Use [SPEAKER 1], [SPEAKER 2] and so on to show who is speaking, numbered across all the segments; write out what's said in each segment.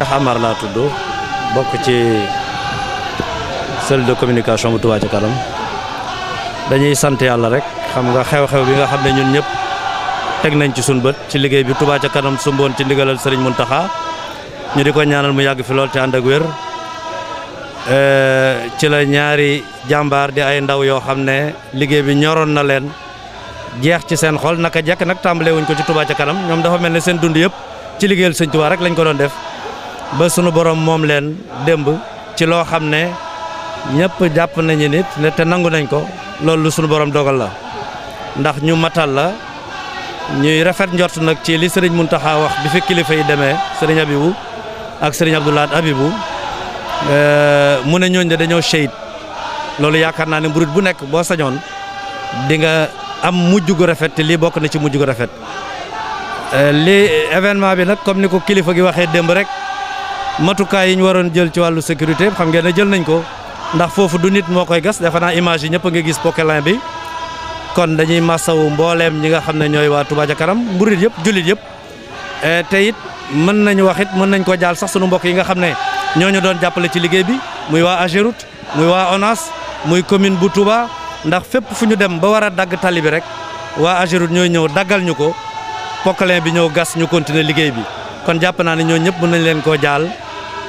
[SPEAKER 1] Cheikh Amar laa tudd bokk ci cellule de communication bu Touba Ca Kanam dañuy sant yàlla rek xam nga xew-xew bi nga xam ne ñun ñëpp teg nañ ci sun bët ci liggéey bi Touba Ca Kanam sumboon ci ndigalal Serigne Mountakha ñu di ko ñaanal mu yàgg fi lool te ànd ak wér ci la ñaari jàmbaar di ay ndaw yoo xam ne liggéey bi ñoroon na leen jeex ci seen xol naka jekk nag tàmbale wuñ ko ci Touba Ca Kanam ñoom dafa mel ne seen dund yëpp ci liggéeyal Sëñ Touba rek lañ ba sunu borom mom leen demb ci lo xamne ñepp japp nañu nit ne te nangu nañ ko loolu sunu borom dogal la ndax ñu matal la ñuy rafet ndort nak ci li serigne muntaha wax bi fi kilifa yi deme serigne Abibu ak serigne Abdoulaat Abibu euh, mu ne ñoo de dañoo shahid loolu yaakar na ne mburit bu nek bo sañoon di nga am mujju gu rafet li bok na ci mujju gu rafet euh, li événement bi nak comme ni ko kilifa gi waxe demb rek matukaay yi ñu waroon jël ci wàllu sécurité xam ngeen ne jël nañ ko ndax foofu du nit moo koy gas defe naa image yi ñëpp nga gis poquelin bi kon dañuy masawu mbooleem ñi nga xam ne ñooy waa Touba kanam mburit yëpp jullit yëpp eh, te it mën nañu wax it mën nañ ko jaal sax sunu mbokk yi nga xam ne ñoo ñooñu doon jàppale ci liggéey bi muy waa Ageroute muy waa ONAS muy commune bu Touba ndax fépp fu ñu dem ba war a dagg tali bi rek waa Ageroute ñooy ñëw daggal ñu ko poquelin bi ñëw gas ñu liggéey bi kon jàpp naa ne ñoo ñëpp mën nañ leen koo jaal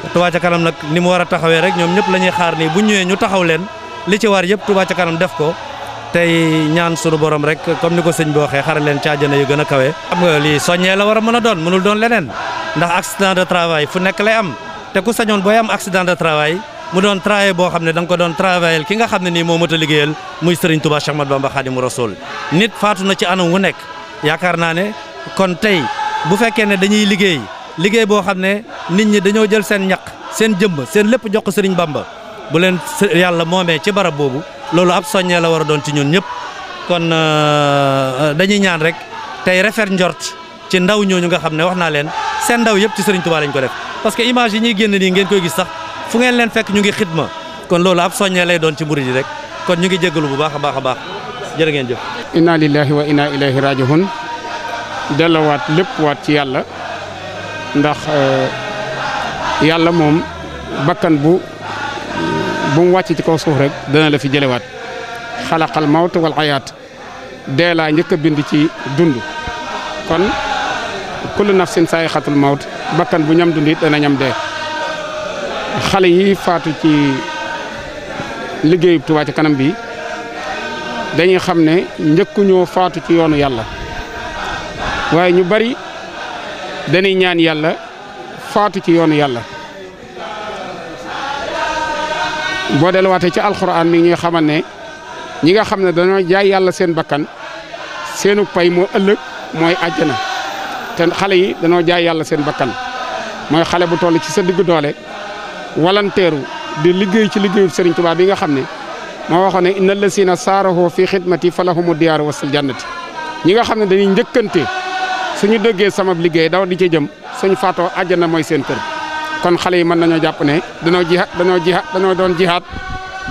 [SPEAKER 1] Touba ca kanam nag ni mu war a taxawee rek ñoom ñëpp la ñuy xaar nii bu ñëwee ñu taxaw leen li ci war yëpp Touba ca kanam def ko tey ñaan sunu borom rek comme ni ko sëñ boo waxee xare leen caajana yu gën a kawe. xam nga lii soññee la war a mën a doon mënul doon leneen ndax accident de travail fu nekk lay am te ku sañoon booy am accident de travail mu doon travail boo xam ne da nga ko doon travail ki nga xam ne nii moo mat a liggéeyal muy Serigne Touba Cheikh Ahmadou Bamba Khadimu Rasul nit faatu na ci anam wu nekk yaakaar naa ne kon tey bu fekkee ne dañuy liggéey liggéey boo xam ne nit ñi dañoo jël seen ñaq seen jëmm seen lépp jox ko Serigne Bamba bu leen yàlla moomee ci barab boobu loolu ab soññee la war a doon ci ñun ñëpp kon euh, dañuy ñaan rek tey refer njort ci ndaw ñooñu nga xam ne wax naa leen seen ndaw yëpp ci Serigne Touba lañ ko def parce que image yi ñuy génn nii ngeen koy gis sax fu ngeen leen fekk ñu ngi xidma kon loolu ab soññee lay doon ci murid yi rek kon ñu ngi jégalu bu baax a baax a baax jërë ngeen jëf.
[SPEAKER 2] inna lillahi wa inna ilayhi raji'un delluwaat lépp waat ci yàlla. ndax euh, yàlla moom bakkan bu bu mu wàcc ci kaw suuf rek dana la fi jëlewaat xalaqal mawt wal xayaat dee laa njëkk a bind ci dund kon kullu nafsin saay xatul mawt bakkan bu ñam dund it dana ñam dee xale yi faatu ci liggéeyub Tuubaa ci kanam bi dañuy xam ne njëkkuñoo faatu ci yoonu yàlla waaye ñu bari dañuy ñaan yàlla faatu ci yoonu yàlla boo delluwaatee ci alxuraan mi ñuy xamal ne ñi nga xam ne dañoo jaay yàlla seen bakkan seenu pay moo ëllëg mooy àjjana te xale yi dañoo jaay yàlla seen bakkan mooy xale bu toll ci sa diggu doole walanteeru di liggéey ci liggéeyu Serigne tubaab bi nga xam ne moo waxoone ne inna lasina saarahoo fi xidmati fa lahumu diyaaru wasal jannati ñi nga xam ne dañuy njëkkante suñu dëggee sama liggéey daw di ca jëm suñu faatoo àjjana mooy seen kër kon xale yi mën nañoo jàpp ne dañoo jihaat dañoo jihaat dañoo doon jihaat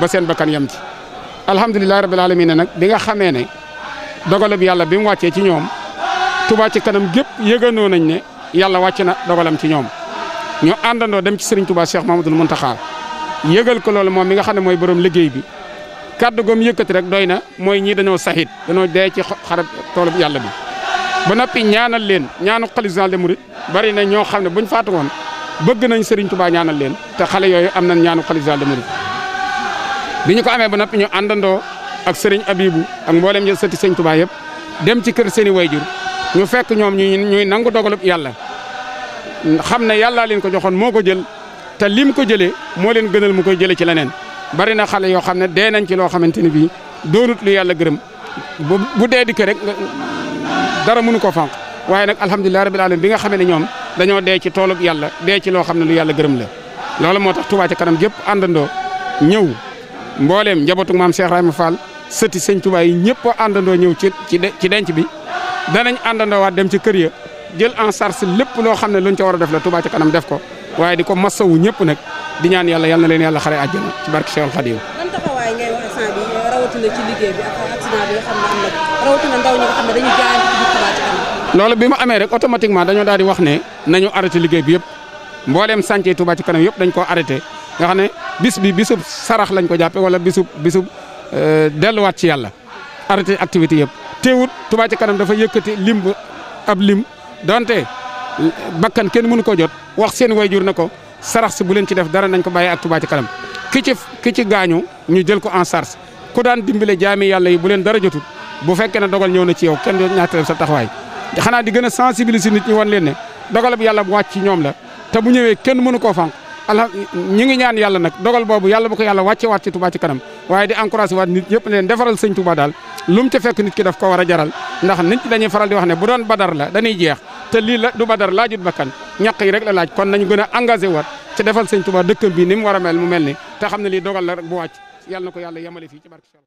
[SPEAKER 2] ba seen bakkan yam ci alhamdulilahi rabbil ne nag bi nga xamee ne dogalab yàlla bi mu wàccee ci ñoom Touba ci kanam gépp yëgandoo nañ ne yàlla wàcc na dogalam ci ñoom ñu àndandoo dem ci Serigne Touba Cheikh Mamadou Mountakha yëgal ko loolu moom mi nga xam ne mooy borom liggéey bi kaddu goom yëkkati rek doy na mooy ñii dañoo saxit dañoo dee ci xarab toolub yàlla bi ba noppi ñaanal leen ñaanu xalif général des mourides bari na ñoo xam ne buñ faatu woon bëgg nañ Serigne Touba ñaanal leen te xale yooyu am na ñaanu xalif général des mourides bi ñu ko amee ba noppi ñu àndandoo ak Serigne Abibou ak mboolem ñu sëti Serigne Touba yëpp dem ci kër seeni wayjur ñu fekk ñoom ñu ñuy nangu dogalub yàlla xam ne yàllaa leen ko joxoon moo ko jël te lim ko jëlee moo leen gënal mu koy jëlee ci leneen bari na xale yoo xam ne dee nañ ci loo xamante ni bii doonut lu yàlla gërëm bu dee dikk rek dara mënu ko fànq waaye nag alhamdulilah rabil alamin bi nga xamee ne ñoom dañoo dee ci toolub yàlla dee ci loo xam ne lu yàlla gërëm la loolu moo tax Touba ca kanam gépp àndandoo ñëw mbooleem njabootu maam Cheikh Rahima Fall sëti sëñ Touba yi àndandoo ñëw ci ci denc bi danañ àndandoo waat dem ci kër ya jël en charge lépp loo xam ne luñ ca war def la Touba ca kanam def ko waaye di ko masawu ñëpp nag di ñaan yàlla yal leen yàlla xare àjjana ci barke Cheikhul Khadim
[SPEAKER 1] ban lolu
[SPEAKER 2] kan. bima amé rek automatiquement dañu daldi wax né nañu arrêté liggéey bi yépp mbolém santé Touba ci kanam yépp dañ ko arrêté nga xamné bis bi bisub sarax lañ ko jappé wala bisub bisub euh, wat ci yalla arrêté activité yépp téwut Touba ci kanam dafa yëkëti limb ab lim donté bakkan kenn mënu ko jot wax seen wayjur nako sarax ci bu leen ci def dara nañ ko bàyyi ak Touba ci kanam ki ci ki ci ñu jël ko en charge ku daan dimbale jaami yàlla yi bu leen dara jotul bu fekkee ne dogal ñëw na ci yow kenn du ñaatalee sa taxawaay xanaa di gën a sensibiliser nit ñi wan leen ne dogal bi yàlla bu wàcc ci ñoom la te bu ñëwee kenn mënu koo fànq ala ñi ngi ñaan yàlla nag dogal boobu yàlla bu ko yàlla wàcce waat ci Touba ci kanam waaye di encouragé waat nit ñëpp leen defaral sëñ Touba daal lu mu ca fekk nit ki daf ko war a jaral ndax nit ñi dañuy faral di wax ne bu doon badar la dañuy jeex te lii la du badar laajut bakkan ñàq yi rek la laaj kon nañu gën a engagé waat ci defal sëñ Touba bi ni mu war a mel mu mel ni te xam ne lii dogal la rek bu wàcc yàlla na ko yàlla yemale fii ci barke